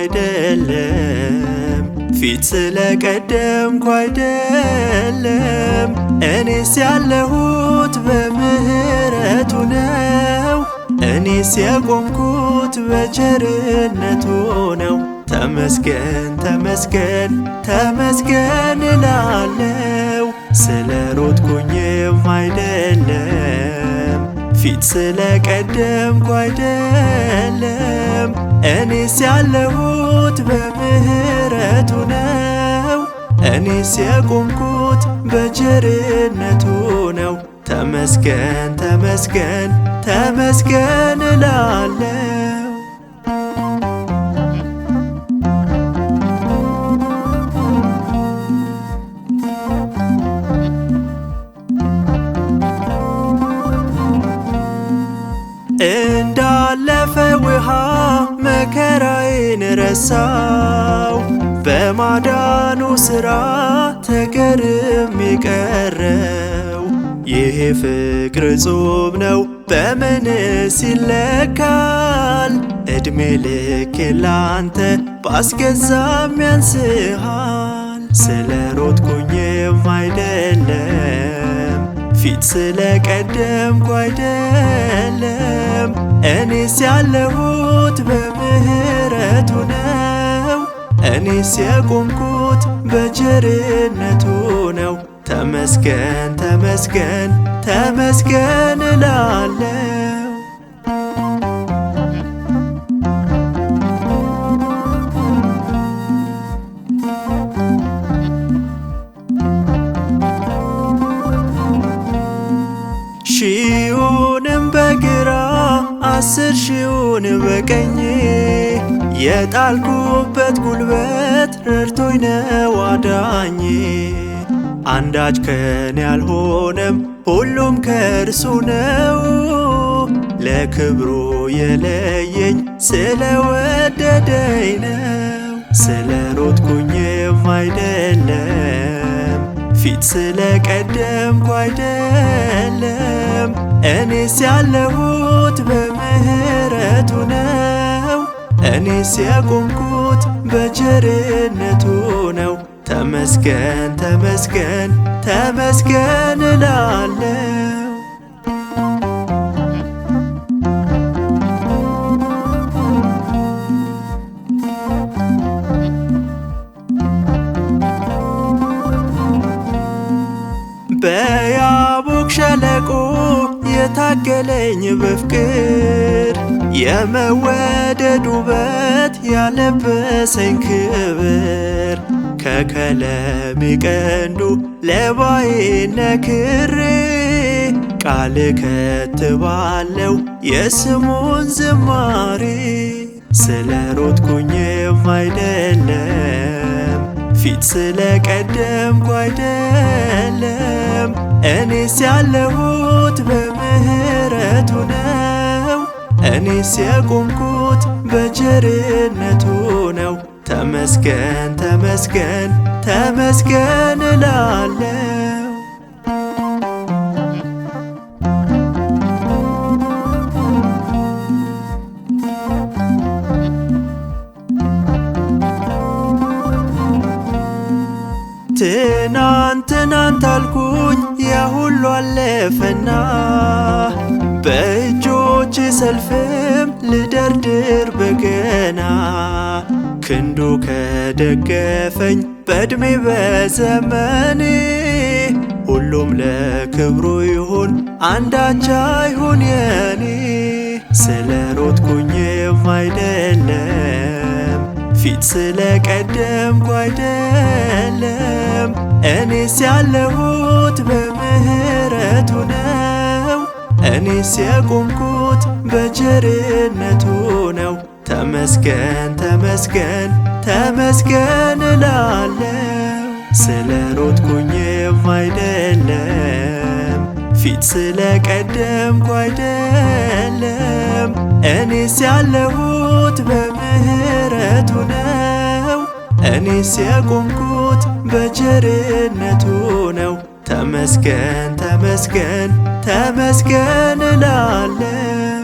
አይደለም ፊት ስለቀደምኩ አይደለም እኔስ ያለሁት በምህረቱ ነው። እኔስ የቆምኩት በቸርነቱ ነው። ተመስገን ተመስገን ተመስገን እላለው ስለ ሮጥኩኝም አይደለም ፊት ስለቀደምኩ አይደለም እኔስ ያለሁት በምህረቱ ነው። እኔስ የቆምኩት በቸርነቱ ነው። ተመስገን ተመስገን ተመስገን እላለን! ረሳው በማዳኑ ሥራ ተገርም የቀረው ይሄ ፍቅር ጹብ ነው በምንስ ይለካል? እድሜ ልክ ላንተ ባስገዛም ያንስሃል። ስለ ሮጥኩኝም አይደለም ፊት ስለ ቀደምኩ አይደለም እኔስ ያለሁት በ በምህረቱ ነው። እኔስ የቆምኩት በቸርነቱ ነው። ተመስገን ተመስገን ተመስገን እላለን አስር ሺውን በቀኝ የጣልኩበት ጉልበት ረድቶኝ ነው አዳኝ። አንዳች ከኔ አልሆነም ሁሉም ከእርሱ ነው። ለክብሩ የለየኝ ስለወደደኝ ነው ስለ ሮጥኩኝ ፊት ስለቀደምኩ አይደለም እኔስ ያለሁት በምህረቱ ነው። እኔስ የቆምኩት በቸርነቱ ነው። ተመስገን ተመስገን ተመስገን እላለ በያቦክ ሸለቆ የታገለኝ በፍቅር የመወደድ ውበት ያለበሰኝ ክብር ከከለሚ ቀንዱ ለባዬ ነክሬ ቃል ከትባለው የስሙን ዝማሬ ስለ ሮጥኩኝም አይደ ፊት ስለቀደምኩ አይደለም እኔስ ያለሁት በምህረቱ ነው። እኔስ የቆምኩት በቸርነቱ ነው። ተመስገን ተመስገን ተመስገን እላለ ትናንት ትናንት አልኩኝ የሁሉ አለፈና በእጆች ሰልፍም ልደርድር በገና ክንዱ ከደገፈኝ በእድሜ በዘመኔ ሁሉም ለክብሩ ይሁን አንዳች አይሁን የኔ ስለ ሮጥኩኝም አይደለም ፊት ስለቀደምኩ አይደለም እኔስ ያለሁት በምህረቱ ነው። እኔስ የቆምኩት በቸርነቱ ነው። ተመስገን ተመስገን ተመስገን እላለሁ ስለ ሮጥኩኝም አይደለም ፊት ስለቀደምኩ አይደለም እኔስ ያለሁት በምህረ በቸርነቱ ነው። እኔስ የቆምኩት በቸርነቱ ነው። ተመስገን ተመስገን ተመስገን እላለን!